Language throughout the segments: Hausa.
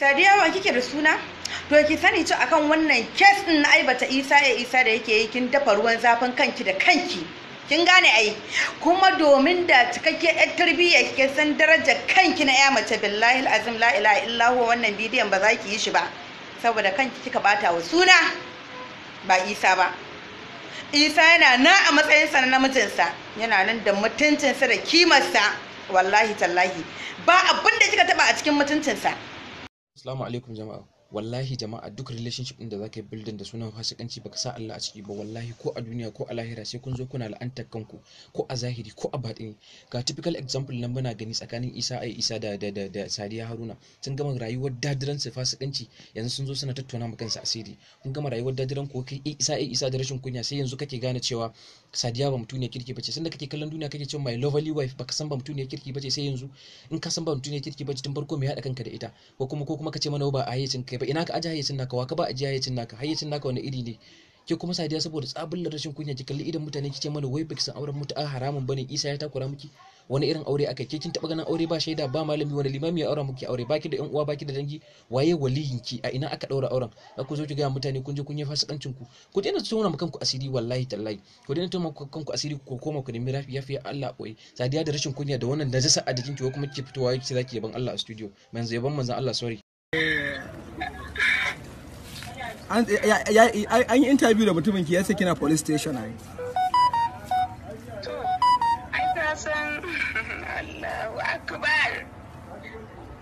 sadiya wa kike da suna to ki sani ci akan wannan kes din na aibata isa ya isa da yake yi kin dafa ruwan zafin kanki da kanki kin gane ai kuma domin da cikakke yar tarbiyya kike san darajar kanki na ya mace billahi azim la ilaha illa huwa wannan bidiyon ba za ki yi shi ba saboda kanki kika bata wa suna ba isa ba isa yana nan a matsayinsa na namijinsa yana nan da mutuncinsa da kimarsa wallahi tallahi ba abin da kika taba a cikin mutuncinsa Assalamu alaikum jama'a. wallahi jama'a duk relationship din da zaka yi building da sunan fasikanci baka sa Allah a ciki ba wallahi ko a duniya ko a lahira sai kun zo kuna la'antar kanku ko a zahiri ko a batini ga typical example nan muna gani tsakanin Isa ai Isa da da da, da Sadiya Haruna sun gama rayuwar dadiran su fasikanci yanzu sun zo suna tattauna ma kansu asiri kun gama rayuwar dadiran ko kai Isa ai Isa da rashin kunya sai yanzu kake gane cewa Sadiya ba mutune kirki bace sanda kake kallon duniya kake cewa my lovely wife baka san ba mutune kirki bace sai yanzu in ka san ba mutune kirki bace tun farko me hada kanka da ita ko kuma ko kuma kace mana ba a yayin kai ba ina ka aji hayyacin naka wa ka ba aje hayyacin naka hayyacin naka wani iri ne ke kuma sadiya saboda da rashin kunya ki idan mutane kice mana wai baki san auren mutu'a haramun bane isa ya takura miki wani irin aure aka ke kin taba ganin aure ba shaida ba malami wani limami ya aura miki aure baki da yan uwa baki da dangi waye waliyin ki a ina aka daura auren ku zo ki ga mutane kun je kun yi fasikancin ku ku daina tona mu kanku asiri wallahi tallahi ku daina tona mu kanku asiri ku koma ku nemi rafi yafi Allah koi sadiya da rashin kunya da wannan najasa a jikin ki kuma ki fitowa ki zaki yaban Allah a studio manzo yaban manzo Allah sorry eh, an yi interview da mutumin ki ya ce kina police station ai ka san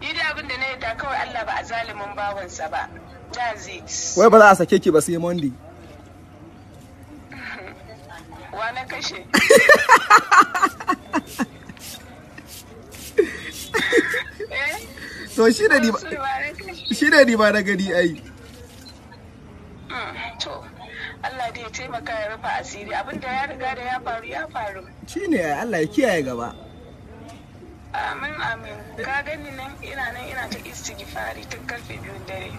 yi kawai a zalimin wai ba za a sake ki ba sai monday wa na kashe eh? to shi da ni ba na gani ai Allah da ya taimaka ya rufa asiri abin da ya riga da ya faru ya faru shine Allah ya kiyaye gaba amin amin ka gani nan ina nan ina ta istighfari tun karfe biyun dare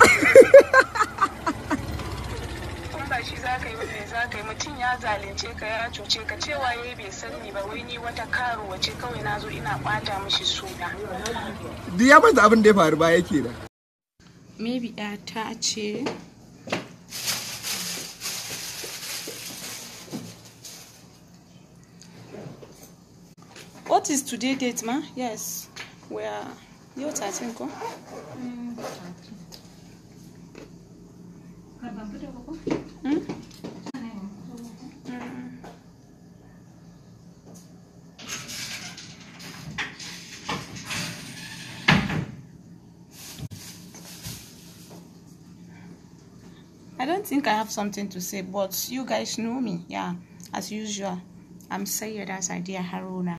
Kun ba shi za ka yi mai za ka yi mutum ya zalunce ka ya cuce ka cewa yi bai ni ba wai ni wata karo wace kawai na zo ina kwata mishi suna duk ya bata abin da ya faru ba yake da maybe ta ce What is today date, ma? Yes. We are your 13, ko? I don't think I have something to say, but you guys know me. Yeah, as usual. I'm that's Idea Haruna.